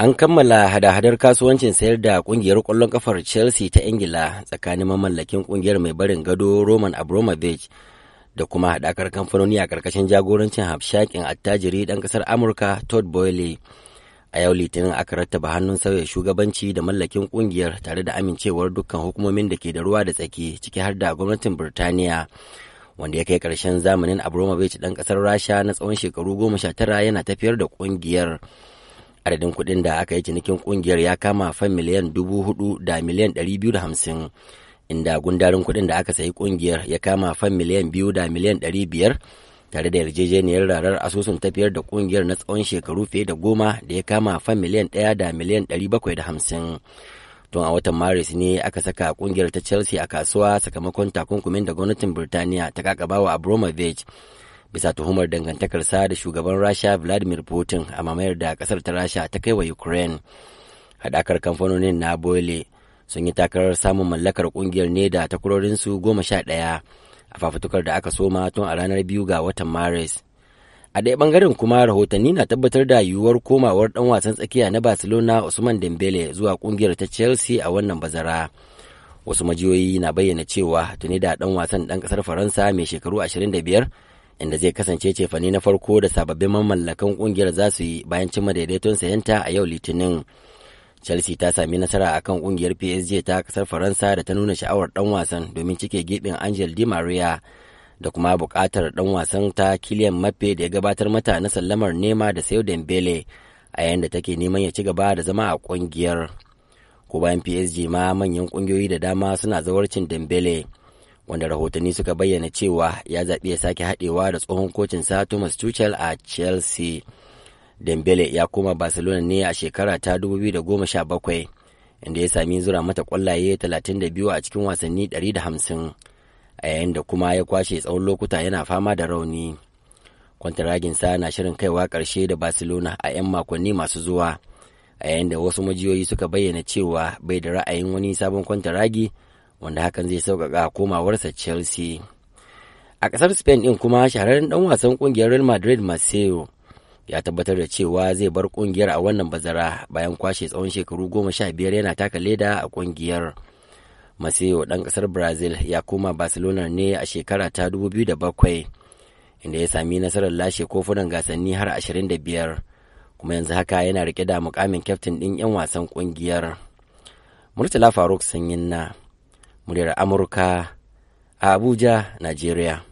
An kammala hada-hadar kasuwancin sayar da kungiyar ƙwallon kafar Chelsea ta Ingila tsakanin mamallakin kungiyar mai barin gado Roman Abramovich da kuma haɗakar kamfanoni a ƙarƙashin jagorancin hafshakin attajiri ɗan ƙasar Amurka Todd Boyle. A yau Litinin aka rattaba hannun sauya shugabanci da mallakin ƙungiyar tare da amincewar dukkan hukumomin da ke da ruwa da tsaki ciki har da gwamnatin Birtaniya. Wanda ya kai ƙarshen zamanin Abramovich ɗan ƙasar Rasha na tsawon shekaru goma sha tara yana tafiyar da ƙungiyar. adadin kuɗin da aka yi cinikin ƙungiyar ya kama fan miliyan dubu hudu da miliyan ɗari biyu da hamsin inda gundarin kuɗin da aka sayi ƙungiyar ya kama fan miliyan biyu da miliyan ɗari biyar tare da yarjejeniyar rarar asusun tafiyar da ƙungiyar na tsawon shekaru fiye da goma da ya kama fan miliyan ɗaya da miliyan ɗari bakwai da hamsin tun a watan maris ne aka saka ƙungiyar ta chelsea a kasuwa sakamakon takunkumin da gwamnatin birtaniya ta kakabawa Bromovich. bisa tuhumar dangantakarsa da shugaban rasha vladimir putin a mamayar da kasar ta rasha ta kai wa ukraine haɗakar kamfanonin na Bole sun yi takarar samun mallakar kungiyar ne da takurorinsu goma sha ɗaya a fafutukar da aka soma tun a ranar biyu ga watan maris a ɗaya ɓangaren kuma rahotanni na tabbatar da yiwuwar komawar ɗan wasan tsakiya na barcelona usman dembele zuwa kungiyar ta chelsea a wannan bazara wasu majiyoyi na bayyana cewa tuni da ɗan wasan ɗan ƙasar faransa mai shekaru ashirin da biyar? inda zai kasance cefane na farko da sababbin mamallakan kungiyar za su yi bayan cimma daidaiton sayanta a yau litinin chelsea ta sami nasara a kan kungiyar psg ta kasar faransa da ta nuna sha'awar dan wasan domin cike gibin angel di maria da kuma bukatar dan wasan ta kilian mappe da ya gabatar mata na sallamar nema da sayo dembele a yayin da take neman ya ci gaba da zama a kungiyar ko bayan psg ma manyan kungiyoyi da dama suna zawarcin dembele wanda rahotanni suka bayyana cewa ya zaɓi ya sake haɗewa da tsohon kocin sa Thomas Tuchel a Chelsea. Dembele ya koma Barcelona ne a shekara ta 2017 inda ya sami zura mata kwallaye 32 a cikin wasanni 150 a yayin da kuma ya kwashe tsawon lokuta yana fama da rauni. kwantaragin sa na shirin kaiwa ƙarshe da Barcelona a 'yan makonni masu zuwa a yayin da wasu majiyoyi suka bayyana cewa bai da ra'ayin wani sabon kwantaragi wanda hakan zai sauƙaƙa komawarsa chelsea a ƙasar spain ɗin kuma shahararren ɗan wasan ƙungiyar real madrid maceo ya tabbatar da cewa zai bar ƙungiyar a wannan bazara bayan kwashe tsawon shekaru goma sha biyar yana taka leda a ƙungiyar maceo ɗan ƙasar brazil ya koma barcelona ne a shekara ta dubu biyu da bakwai, inda ya sami nasarar lashe kofunan gasanni har ashirin da biyar, kuma yanzu haka yana rike da mukamin kyaftin ɗin 'yan wasan ƙungiyar murtala faruk sanyin na muryar amurka a abuja najeriya